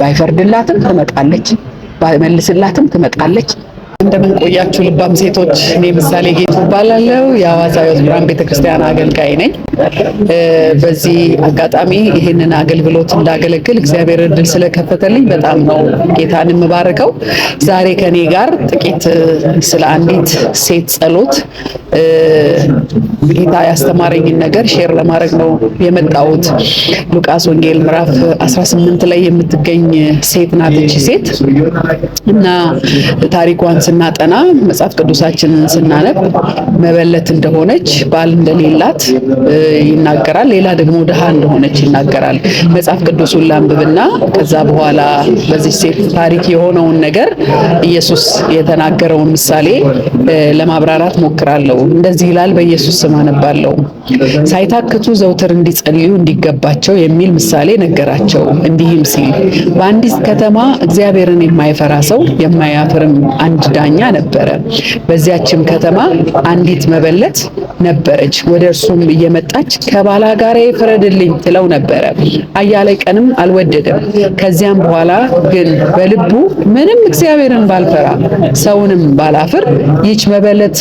ባይፈርድላትም ትመጣለች፣ ባይመልስላትም ትመጣለች። እንደምን ቆያችሁ ልባም ሴቶች። እኔ ምሳሌ ጌቱ እባላለሁ የአዋሳ ሕይወት ብርሃን ቤተክርስቲያን አገልጋይ ነኝ። በዚህ አጋጣሚ ይህንን አገልግሎት እንዳገለግል እግዚአብሔር እድል ስለከፈተልኝ በጣም ነው ጌታን የምባርከው። ዛሬ ከኔ ጋር ጥቂት ስለ አንዲት ሴት ጸሎት ጌታ ያስተማረኝን ነገር ሼር ለማድረግ ነው የመጣሁት። ሉቃስ ወንጌል ምዕራፍ 18 ላይ የምትገኝ ሴት ናት እቺ ሴት እና ታሪኳን ስና ስናጠና መጽሐፍ ቅዱሳችንን ስናነብ መበለት እንደሆነች ባል እንደሌላት ይናገራል። ሌላ ደግሞ ድሃ እንደሆነች ይናገራል። መጽሐፍ ቅዱሱን ላንብብና ከዛ በኋላ በዚህ ሴት ታሪክ የሆነውን ነገር ኢየሱስ የተናገረውን ምሳሌ ለማብራራት ሞክራለሁ። እንደዚህ ይላል፣ በኢየሱስ ስም አነባለሁ። ሳይታክቱ ዘውትር እንዲጸልዩ እንዲገባቸው የሚል ምሳሌ ነገራቸው። እንዲህም ሲል በአንዲት ከተማ እግዚአብሔርን የማይፈራ ሰው የማያፍርም አንድ ዳኛ ነበረ። በዚያችም ከተማ አንዲት መበለት ነበረች። ወደ እርሱም እየመጣች ጋር ፍረድልኝ ትለው ነበረ። አያሌ ቀንም አልወደደም። ከዚያም በኋላ ግን በልቡ ምንም እግዚአብሔርን ባልፈራ ሰውንም ባላፍር ይች መበለት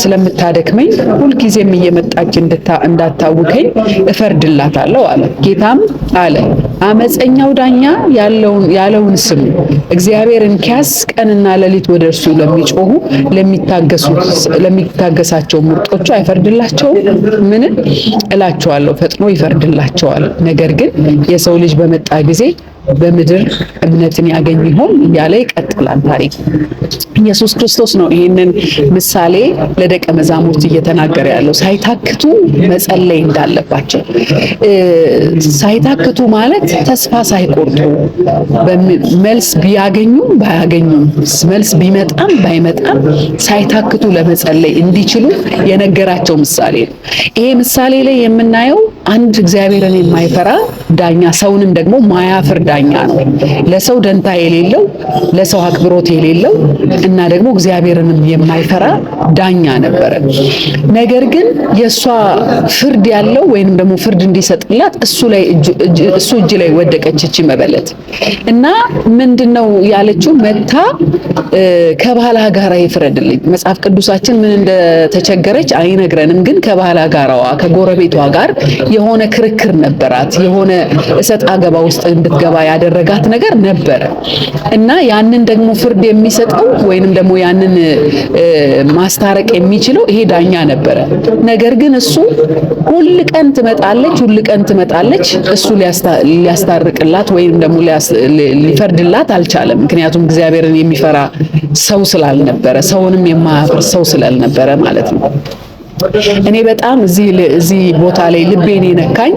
ስለምታደክመኝ ሁልጊዜም እየመጣች እንዳታውከኝ እፈርድላታለሁ አለ። ጌታም አለ አመፀኛው ዳኛ ያለውን ስሙ። እግዚአብሔር እንኪያስ ቀንና ሌሊት ወደ እርሱ ለሚጮሁ ለሚታገሳቸው ምርጦቹ አይፈርድላቸውም? ምን እላቸዋለሁ፣ ፈጥኖ ይፈርድላቸዋል። ነገር ግን የሰው ልጅ በመጣ ጊዜ በምድር እምነትን ያገኝ ይሆን እያለ ይቀጥላል ታሪክ። ኢየሱስ ክርስቶስ ነው ይህንን ምሳሌ ለደቀ መዛሙርት እየተናገረ ያለው ሳይታክቱ መጸለይ እንዳለባቸው። ሳይታክቱ ማለት ተስፋ ሳይቆርጡ መልስ ቢያገኙም ባያገኙም መልስ ቢመጣም ባይመጣም ሳይታክቱ ለመጸለይ እንዲችሉ የነገራቸው ምሳሌ ነው። ይሄ ምሳሌ ላይ የምናየው አንድ እግዚአብሔርን የማይፈራ ዳኛ ሰውንም ደግሞ ማያፍርዳ ዳኛ ነው። ለሰው ደንታ የሌለው ለሰው አክብሮት የሌለው እና ደግሞ እግዚአብሔርንም የማይፈራ ዳኛ ነበረ። ነገር ግን የእሷ ፍርድ ያለው ወይንም ደግሞ ፍርድ እንዲሰጥላት እሱ ላይ እሱ እጅ ላይ ወደቀች እቺ መበለት እና ምንድነው ያለችው መታ ከባህላ ጋራ ይፍረድልኝ። መጽሐፍ ቅዱሳችን ምን እንደተቸገረች አይነግረንም፣ ግን ከባህል ጋራዋ ከጎረቤቷ ጋር የሆነ ክርክር ነበራት። የሆነ እሰጥ አገባ ውስጥ እንድትገባ ያደረጋት ነገር ነበረ እና ያንን ደግሞ ፍርድ የሚሰጠው ወይንም ደግሞ ያንን ማስታረቅ የሚችለው ይሄ ዳኛ ነበረ። ነገር ግን እሱ ሁል ቀን ትመጣለች፣ ሁል ቀን ትመጣለች። እሱ ሊያስታርቅላት ወይንም ደግሞ ሊፈርድላት አልቻለም። ምክንያቱም እግዚአብሔርን የሚፈራ ሰው ስላልነበረ፣ ሰውንም የማያፍር ሰው ስላልነበረ ማለት ነው። እኔ በጣም እዚህ ቦታ ላይ ልቤን የነካኝ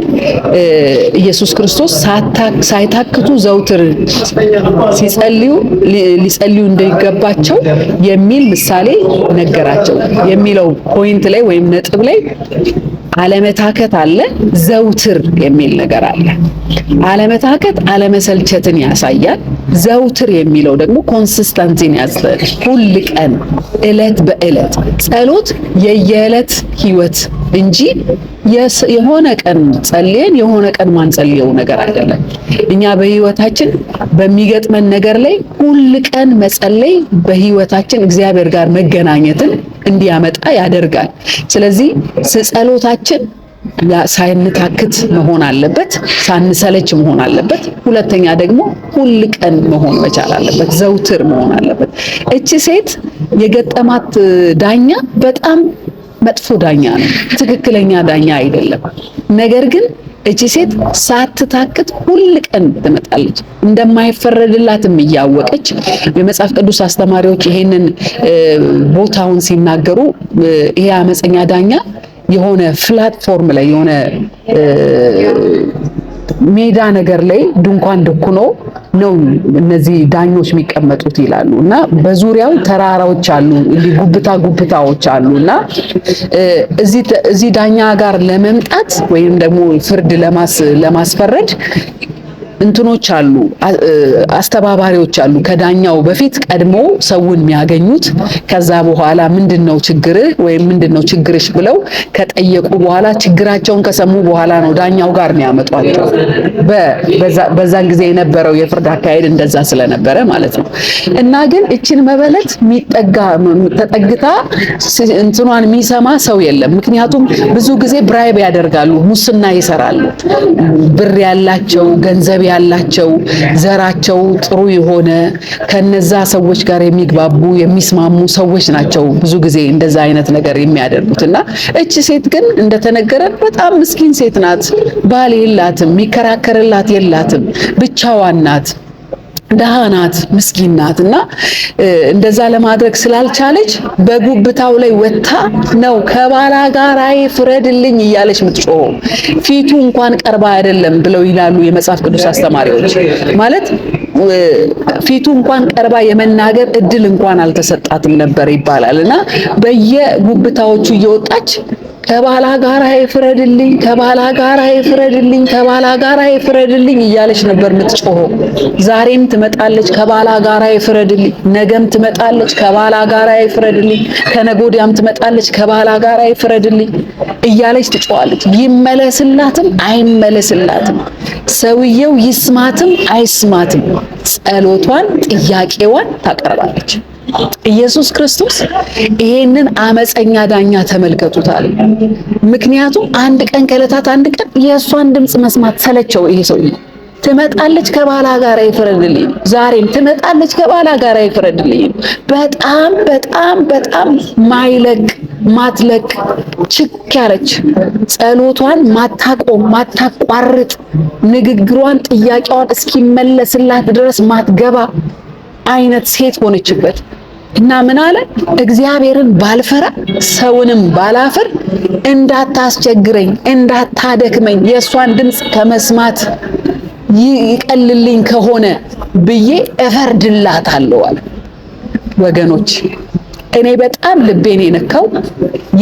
ኢየሱስ ክርስቶስ ሳይታክቱ ዘውትር ሲጸልዩ ሊጸልዩ እንደሚገባቸው የሚል ምሳሌ ነገራቸው የሚለው ፖይንት ላይ ወይም ነጥብ ላይ አለመታከት አለ፣ ዘውትር የሚል ነገር አለ። አለመታከት አለመሰልቸትን ያሳያል። ዘውትር የሚለው ደግሞ ኮንሲስተንሲን ያሳያል። ሁል ቀን እለት በእለት ጸሎት የየእለት ህይወት እንጂ የሆነ ቀን ጸልየን የሆነ ቀን ማንጸልየው ነገር አይደለም። እኛ በህይወታችን በሚገጥመን ነገር ላይ ሁል ቀን መጸለይ በህይወታችን እግዚአብሔር ጋር መገናኘትን እንዲያመጣ ያደርጋል። ስለዚህ ጸሎታችን ሳይንታክት መሆን አለበት፣ ሳንሰለች መሆን አለበት። ሁለተኛ ደግሞ ሁል ቀን መሆን መቻል አለበት፣ ዘውትር መሆን አለበት። እቺ ሴት የገጠማት ዳኛ በጣም መጥፎ ዳኛ ነው፣ ትክክለኛ ዳኛ አይደለም። ነገር ግን እቺ ሴት ሳትታክት ሁል ቀን ትመጣለች፣ እንደማይፈረድላትም እያወቀች የመጽሐፍ ቅዱስ አስተማሪዎች ይሄንን ቦታውን ሲናገሩ ይሄ አመፀኛ ዳኛ የሆነ ፕላትፎርም ላይ የሆነ ሜዳ ነገር ላይ ድንኳን ድኩኖ ነው እነዚህ ዳኞች የሚቀመጡት ይላሉ። እና በዙሪያው ተራራዎች አሉ፣ ጉብታ ጉብታዎች አሉ። እና እዚህ ዳኛ ጋር ለመምጣት ወይም ደግሞ ፍርድ ለማስፈረድ እንትኖች አሉ፣ አስተባባሪዎች አሉ። ከዳኛው በፊት ቀድሞ ሰውን የሚያገኙት ከዛ በኋላ ምንድነው ችግርህ ወይም ምንድነው ችግርሽ ብለው ከጠየቁ በኋላ ችግራቸውን ከሰሙ በኋላ ነው ዳኛው ጋር ነው ያመጧቸው። በዛን ጊዜ የነበረው የፍርድ አካሄድ እንደዛ ስለነበረ ማለት ነው። እና ግን እችን መበለት የሚጠጋ ተጠግታ እንትኗን የሚሰማ ሰው የለም። ምክንያቱም ብዙ ጊዜ ብራይብ ያደርጋሉ፣ ሙስና ይሰራሉ። ብር ያላቸው ገንዘብ ያላቸው ዘራቸው ጥሩ የሆነ ከነዛ ሰዎች ጋር የሚግባቡ የሚስማሙ ሰዎች ናቸው ብዙ ጊዜ እንደዛ አይነት ነገር የሚያደርጉት እና እቺ ሴት ግን እንደተነገረን በጣም ምስኪን ሴት ናት። ባል የላትም፣ የሚከራከርላት የላትም፣ ብቻዋን ናት። ደሃ ናት፣ ምስኪን ናት እና እንደዛ ለማድረግ ስላልቻለች በጉብታው ላይ ወታ ነው ከባላ ጋር አይ ፍረድልኝ እያለች ምትጮ ፊቱ እንኳን ቀርባ አይደለም ብለው ይላሉ የመጽሐፍ ቅዱስ አስተማሪዎች ማለት ፊቱ እንኳን ቀርባ የመናገር እድል እንኳን አልተሰጣትም ነበር ይባላል እና በየጉብታዎቹ እየወጣች ከባላ ጋራ ይፍረድልኝ፣ ከባላ ጋራ ይፍረድልኝ፣ ከባላ ጋራ ይፍረድልኝ እያለች ነበር የምትጮኸው። ዛሬም ትመጣለች ከባላ ጋራ ይፍረድልኝ፣ ነገም ትመጣለች ከባላ ጋራ ይፍረድልኝ፣ ከነጎዲያም ትመጣለች ከባላ ጋራ ይፍረድልኝ። እያለች ትጮዋለች። ይመለስላትም አይመለስላትም፣ ሰውየው ይስማትም አይስማትም፣ ጸሎቷን ጥያቄዋን ታቀርባለች። ኢየሱስ ክርስቶስ ይሄንን አመፀኛ ዳኛ ተመልከቱታል። ምክንያቱም አንድ ቀን ከለታት አንድ ቀን የእሷን ድምፅ መስማት ሰለቸው ይሄ ሰውዬው ትመጣለች ከባላ ጋር ይፍረድልኝ። ዛሬም ትመጣለች ከባላ ጋር ይፍረድልኝ። በጣም በጣም በጣም ማይለቅ ማትለቅ ችክ ያለች ጸሎቷን ማታቆም ማታቋርጥ ንግግሯን ጥያቄዋን እስኪመለስላት ድረስ ማትገባ አይነት ሴት ሆነችበት እና ምን አለ እግዚአብሔርን ባልፈራ ሰውንም ባላፍር እንዳታስቸግረኝ እንዳታደክመኝ የእሷን ድምፅ ከመስማት ይቀልልኝ ከሆነ ብዬ እፈርድላታለሁ አለ። ወገኖች እኔ በጣም ልቤን የነካው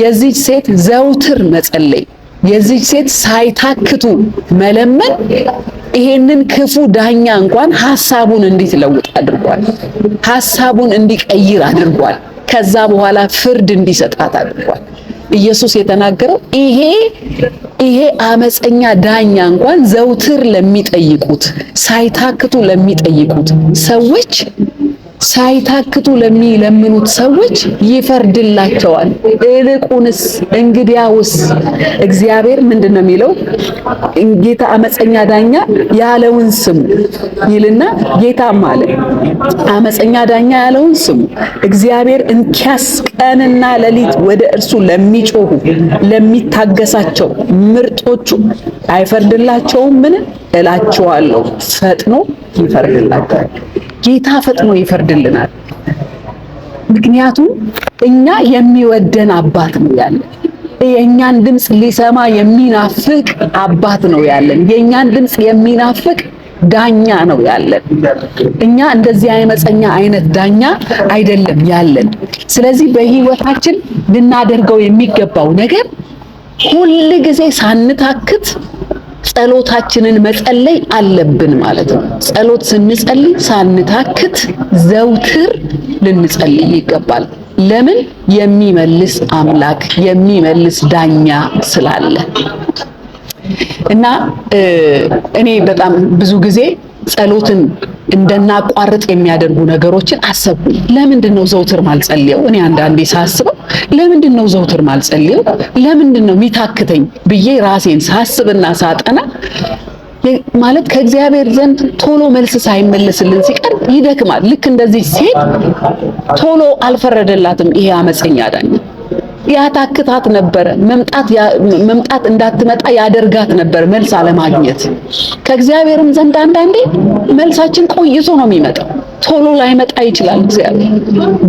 የዚች ሴት ዘውትር መጸለይ፣ የዚች ሴት ሳይታክቱ መለመን ይሄንን ክፉ ዳኛ እንኳን ሐሳቡን እንዲትለውጥ አድርጓል። ሐሳቡን እንዲቀይር አድርጓል። ከዛ በኋላ ፍርድ እንዲሰጣት አድርጓል። ኢየሱስ የተናገረው ይሄ ይሄ አመፀኛ ዳኛ እንኳን ዘውትር ለሚጠይቁት ሳይታክቱ ለሚጠይቁት ሰዎች ሳይታክቱ ለሚለምኑት ሰዎች ይፈርድላቸዋል። እልቁንስ እንግዲያውስ እግዚአብሔር ምንድን ነው የሚለው? ጌታ አመፀኛ ዳኛ ያለውን ስሙ ይልና ጌታም አለ አመፀኛ ዳኛ ያለውን ስሙ፣ እግዚአብሔር እንኪያስ ቀንና ሌሊት ወደ እርሱ ለሚጮሁ ለሚታገሳቸው ምርጦቹ አይፈርድላቸውም? ምን እላችኋለሁ ፈጥኖ ይፈርድላቸዋል። ጌታ ፈጥኖ ይፈርድልናል። ምክንያቱም እኛ የሚወደን አባት ነው ያለን። የእኛን ድምፅ ሊሰማ የሚናፍቅ አባት ነው ያለን። የእኛን ድምፅ የሚናፍቅ ዳኛ ነው ያለን። እኛ እንደዚህ አይመፀኛ አይነት ዳኛ አይደለም ያለን። ስለዚህ በህይወታችን ልናደርገው የሚገባው ነገር ሁል ጊዜ ሳንታክት ጸሎታችንን መጸለይ አለብን ማለት ነው። ጸሎት ስንጸልይ ሳንታክት ዘውትር ልንጸልይ ይገባል። ለምን? የሚመልስ አምላክ የሚመልስ ዳኛ ስላለ እና እኔ በጣም ብዙ ጊዜ ጸሎትን እንደናቋርጥ የሚያደርጉ ነገሮችን አሰብኩኝ። ለምንድን ነው ዘውትር ማልጸልየው? እኔ አንዳንዴ ሳስበው ለምንድን ነው ዘውትር ማልጸልየው? ለምንድን ነው የሚታክተኝ ብዬ ራሴን ሳስብና ሳጠና ማለት ከእግዚአብሔር ዘንድ ቶሎ መልስ ሳይመለስልን ሲቀር ይደክማል። ልክ እንደዚህ ሴት ቶሎ አልፈረደላትም ይሄ አመፀኛ ዳኝ። ያታክታት ነበረ። መምጣት መምጣት እንዳትመጣ ያደርጋት ነበር መልስ አለማግኘት። ከእግዚአብሔርም ዘንድ አንዳንዴ መልሳችን ቆይቶ ነው የሚመጣው። ቶሎ ላይመጣ ይችላል። እግዚአብሔር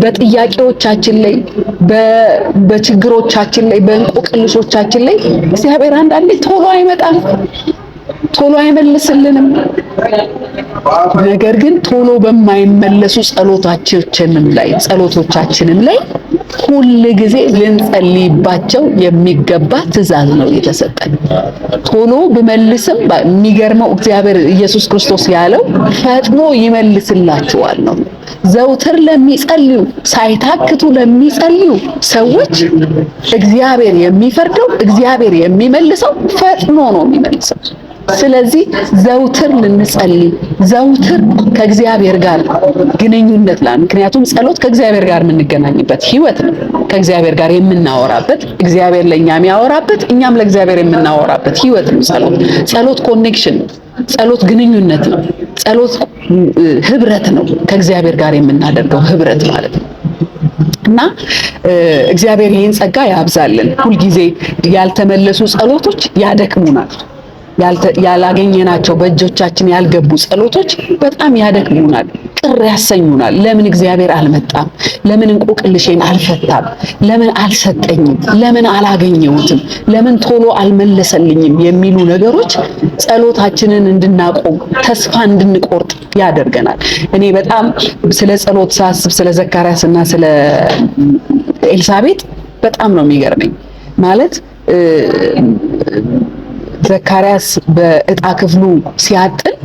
በጥያቄዎቻችን ላይ፣ በችግሮቻችን ላይ፣ በእንቆቅልሾቻችን ላይ እግዚአብሔር አንዳንዴ ቶሎ አይመጣም፣ ቶሎ አይመልስልንም። ነገር ግን ቶሎ በማይመለሱ ጸሎታችንም ላይ ጸሎቶቻችንም ላይ ሁል ጊዜ ልንጸልይባቸው የሚገባ ትእዛዝ ነው የተሰጠን። ቶሎ ብመልስም የሚገርመው እግዚአብሔር ኢየሱስ ክርስቶስ ያለው ፈጥኖ ይመልስላችኋል ነው። ዘውትር ለሚጸልዩ ሳይታክቱ ለሚጸልዩ ሰዎች እግዚአብሔር የሚፈርደው እግዚአብሔር የሚመልሰው ፈጥኖ ነው የሚመልሰው። ስለዚህ ዘውትር ልንጸልይ ዘውትር ከእግዚአብሔር ጋር ግንኙነት ላ ምክንያቱም ጸሎት ከእግዚአብሔር ጋር የምንገናኝበት ህይወት ነው። ከእግዚአብሔር ጋር የምናወራበት እግዚአብሔር ለእኛ የሚያወራበት እኛም ለእግዚአብሔር የምናወራበት ህይወት ነው። ጸሎት ጸሎት ኮኔክሽን ጸሎት ግንኙነት ነው። ጸሎት ህብረት ነው። ከእግዚአብሔር ጋር የምናደርገው ህብረት ማለት ነው። እና እግዚአብሔር ይህን ጸጋ ያብዛልን። ሁልጊዜ ያልተመለሱ ጸሎቶች ያደክሙናል። ያላገኘናቸው በእጆቻችን ያልገቡ ጸሎቶች በጣም ያደክሙናል፣ ቅር ያሰኙናል። ለምን እግዚአብሔር አልመጣም? ለምን እንቆቅልሼን አልፈታም? ለምን አልሰጠኝም? ለምን አላገኘሁትም? ለምን ቶሎ አልመለሰልኝም? የሚሉ ነገሮች ጸሎታችንን እንድናቆም ተስፋ እንድንቆርጥ ያደርገናል። እኔ በጣም ስለ ጸሎት ሳስብ ስለ ዘካርያስና ስለ ኤልሳቤጥ በጣም ነው የሚገርመኝ ማለት ዘካርያስ በእጣ ክፍሉ ሲያጥን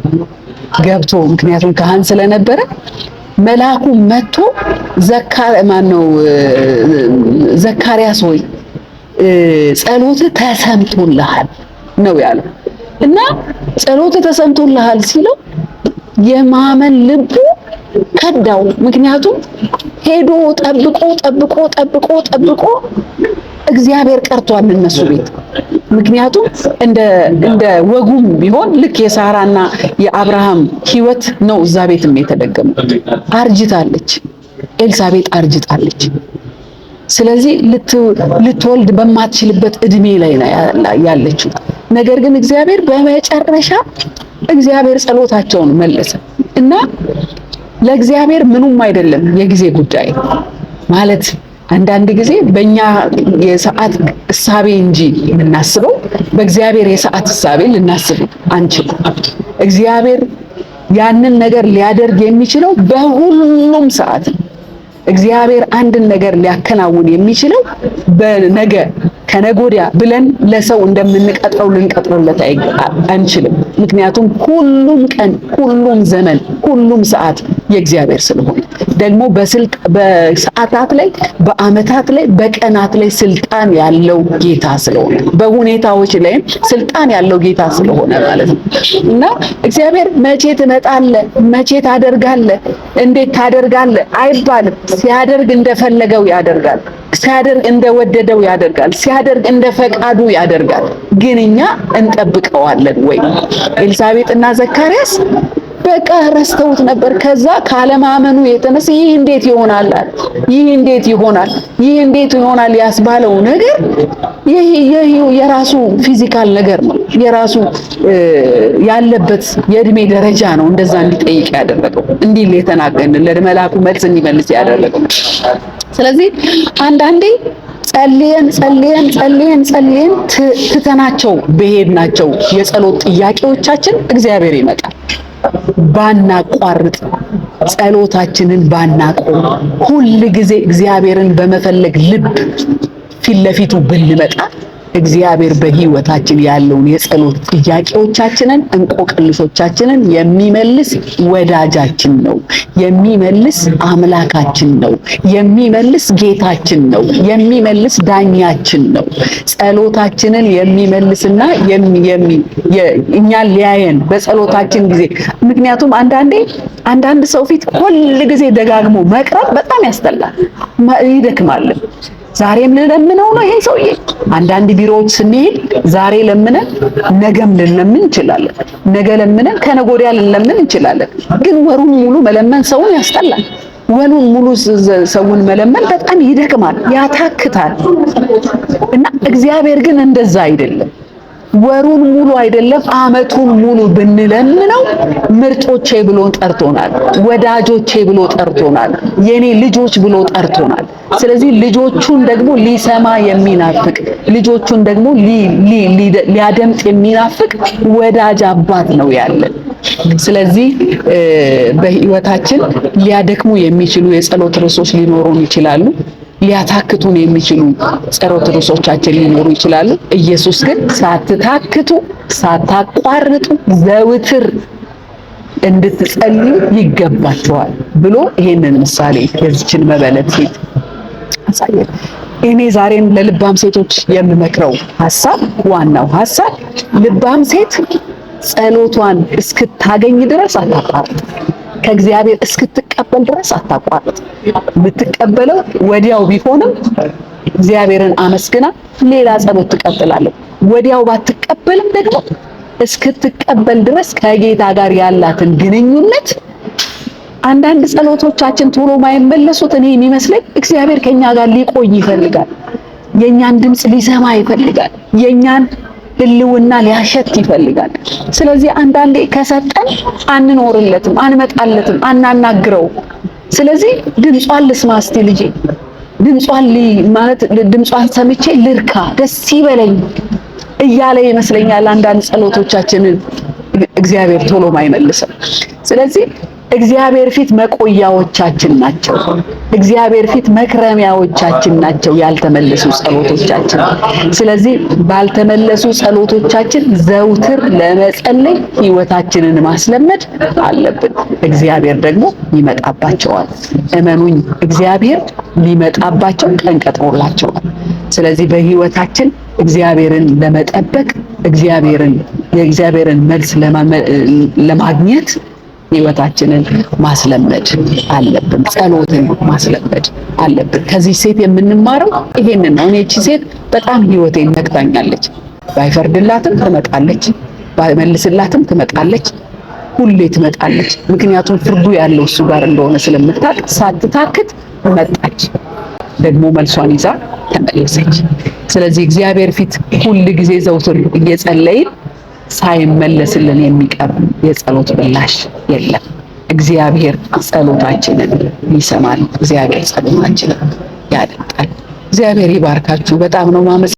ገብቶ ምክንያቱም ካህን ስለነበረ መልአኩ መጥቶ ማን ነው ዘካርያስ ሆይ ጸሎት ተሰምቶልሃል ነው ያለው እና ጸሎት ተሰምቶልሃል ሲለው የማመን ልቡ ከዳው። ምክንያቱም ሄዶ ጠብቆ ጠብቆ ጠብቆ ጠብቆ እግዚአብሔር ቀርቷል እነሱ ቤት ምክንያቱም እንደ ወጉም ቢሆን ልክ የሳራና የአብርሃም ህይወት ነው እዛ ቤትም የተደገመ አርጅታለች፣ ኤልሳቤጥ አርጅታለች። ስለዚህ ልትወልድ በማትችልበት እድሜ ላይ ያለችው፣ ነገር ግን እግዚአብሔር በመጨረሻ እግዚአብሔር ጸሎታቸውን መለሰ እና ለእግዚአብሔር ምኑም አይደለም የጊዜ ጉዳይ ማለት አንዳንድ ጊዜ በእኛ የሰዓት እሳቤ እንጂ የምናስበው በእግዚአብሔር የሰዓት እሳቤ ልናስብ አንችል። እግዚአብሔር ያንን ነገር ሊያደርግ የሚችለው በሁሉም ሰዓት ነው። እግዚአብሔር አንድን ነገር ሊያከናውን የሚችለው በነገ ከነጎዲያ ብለን ለሰው እንደምንቀጥረው ልንቀጥረለት አንችልም። ምክንያቱም ሁሉም ቀን፣ ሁሉም ዘመን፣ ሁሉም ሰዓት የእግዚአብሔር ስለሆነ ደግሞ በሰዓታት ላይ በአመታት ላይ በቀናት ላይ ስልጣን ያለው ጌታ ስለሆነ በሁኔታዎች ላይም ስልጣን ያለው ጌታ ስለሆነ ማለት ነው እና እግዚአብሔር መቼ ትመጣለ መቼ ታደርጋለ፣ እንዴት ታደርጋለ አይባልም። ሲያደርግ እንደፈለገው ያደርጋል። ሲያደርግ እንደወደደው ያደርጋል። ሲያደርግ እንደ ፈቃዱ ያደርጋል። ግን እኛ እንጠብቀዋለን ወይ? ኤልሳቤጥና ዘካርያስ በቃ ረስተውት ነበር። ከዛ ካለማመኑ የተነሳ ይህ እንዴት ይሆናል ይህ እንዴት ይሆናል ይህ እንዴት ይሆናል ያስባለው ነገር የራሱ ፊዚካል ነገር ነው። የራሱ ያለበት የእድሜ ደረጃ ነው። እንደዛ እንዲጠይቅ ያደረገው እንዲል የተናገንን ለመላኩ መልስ እንዲመልስ ያደረገው። ስለዚህ አንዳንዴ ጸልየን ጸልየን ጸልየን ጸልየን ትተናቸው በሄድናቸው የጸሎት ጥያቄዎቻችን እግዚአብሔር ይመጣል። ባናቋርጥ ጸሎታችንን ባናቆም ሁል ጊዜ እግዚአብሔርን በመፈለግ ልብ ፊት ለፊቱ ብንመጣ እግዚአብሔር በህይወታችን ያለውን የጸሎት ጥያቄዎቻችንን እንቆቅልሾቻችንን የሚመልስ ወዳጃችን ነው፣ የሚመልስ አምላካችን ነው፣ የሚመልስ ጌታችን ነው፣ የሚመልስ ዳኛችን ነው። ጸሎታችንን የሚመልስና እኛን ሊያየን በጸሎታችን ጊዜ ምክንያቱም አንዳንዴ አንዳንድ ሰው ፊት ሁል ጊዜ ደጋግሞ መቅረብ በጣም ያስጠላል፣ ይደክማል። ዛሬም ልለምነው ነው ይሄ ሰውዬ። አንዳንድ ቢሮዎች ስንሄድ ዛሬ ለምነን ነገም ልንለምን እንችላለን፣ ነገ ለምነን ከነገ ወዲያ ልንለምን እንችላለን። ግን ወሩን ሙሉ መለመን ሰውን ያስጠላል። ወሩን ሙሉ ሰውን መለመን በጣም ይደክማል፣ ያታክታል። እና እግዚአብሔር ግን እንደዛ አይደለም። ወሩን ሙሉ አይደለም አመቱን ሙሉ ብንለምነው ምርጦቼ ብሎ ጠርቶናል፣ ወዳጆቼ ብሎ ጠርቶናል፣ የኔ ልጆች ብሎ ጠርቶናል። ስለዚህ ልጆቹን ደግሞ ሊሰማ የሚናፍቅ ልጆቹን ደግሞ ሊያደምጥ የሚናፍቅ ወዳጅ አባት ነው ያለን። ስለዚህ በህይወታችን ሊያደክሙ የሚችሉ የጸሎት ርዕሶች ሊኖሩን ይችላሉ። ሊያታክቱን የሚችሉ ጸሎት ርዕሶቻችን ሊኖሩ ይችላሉ። ኢየሱስ ግን ሳትታክቱ ሳታቋርጡ ዘውትር እንድትጸልዩ ይገባችኋል ብሎ ይሄንን ምሳሌ የዚችን መበለት ሴት ያሳያል። እኔ ዛሬም ለልባም ሴቶች የምመክረው ሀሳብ ዋናው ሀሳብ ልባም ሴት ጸሎቷን እስክታገኝ ድረስ አታቋርጥ። ከእግዚአብሔር እስክትቀበል ድረስ አታቋርጥ። የምትቀበለው ወዲያው ቢሆንም እግዚአብሔርን አመስግና ሌላ ጸሎት ትቀጥላለች። ወዲያው ባትቀበልም ደግሞ እስክትቀበል ድረስ ከጌታ ጋር ያላትን ግንኙነት አንዳንድ ጸሎቶቻችን ቶሎ ማይመለሱት እኔ የሚመስለኝ እግዚአብሔር ከኛ ጋር ሊቆይ ይፈልጋል። የኛን ድምፅ ሊሰማ ይፈልጋል። የኛን ህልውና ሊያሸት ይፈልጋል። ስለዚህ አንዳንዴ ከሰጠን አንኖርለትም፣ አንመጣለትም፣ አናናግረውም። ስለዚህ ድምጿን ልስማ እስቲ ልጄ ድምጿን ማለት ድምጿን ሰምቼ ልርካ ደስ ይበለኝ እያለ ይመስለኛል አንዳንድ ጸሎቶቻችንን እግዚአብሔር ቶሎ ማይመልሰው። ስለዚህ እግዚአብሔር ፊት መቆያዎቻችን ናቸው። እግዚአብሔር ፊት መክረሚያዎቻችን ናቸው ያልተመለሱ ጸሎቶቻችን። ስለዚህ ባልተመለሱ ጸሎቶቻችን ዘውትር ለመጸለይ ህይወታችንን ማስለመድ አለብን። እግዚአብሔር ደግሞ ይመጣባቸዋል። እመኑኝ፣ እግዚአብሔር ሊመጣባቸው ቀን ቀጥሮላቸዋል። ስለዚህ በህይወታችን እግዚአብሔርን ለመጠበቅ እግዚአብሔርን የእግዚአብሔርን መልስ ለማግኘት ህይወታችንን ማስለመድ አለብን። ጸሎትን ማስለመድ አለብን። ከዚህ ሴት የምንማረው ይሄንን ነው። እኔ እቺ ሴት በጣም ህይወቴን ነቅታኛለች። ባይፈርድላትም ትመጣለች፣ ባይመልስላትም ትመጣለች፣ ሁሌ ትመጣለች። ምክንያቱም ፍርዱ ያለው እሱ ጋር እንደሆነ ስለምታቅ ሳትታክት መጣች። ደግሞ መልሷን ይዛ ተመለሰች። ስለዚህ እግዚአብሔር ፊት ሁል ጊዜ ዘውትር እየጸለይን ሳይመለስልን የሚቀር የጸሎት ምላሽ የለም። እግዚአብሔር ጸሎታችንን ይሰማል። እግዚአብሔር ጸሎታችንን ያደምጣል። እግዚአብሔር ይባርካችሁ። በጣም ነው ማመስ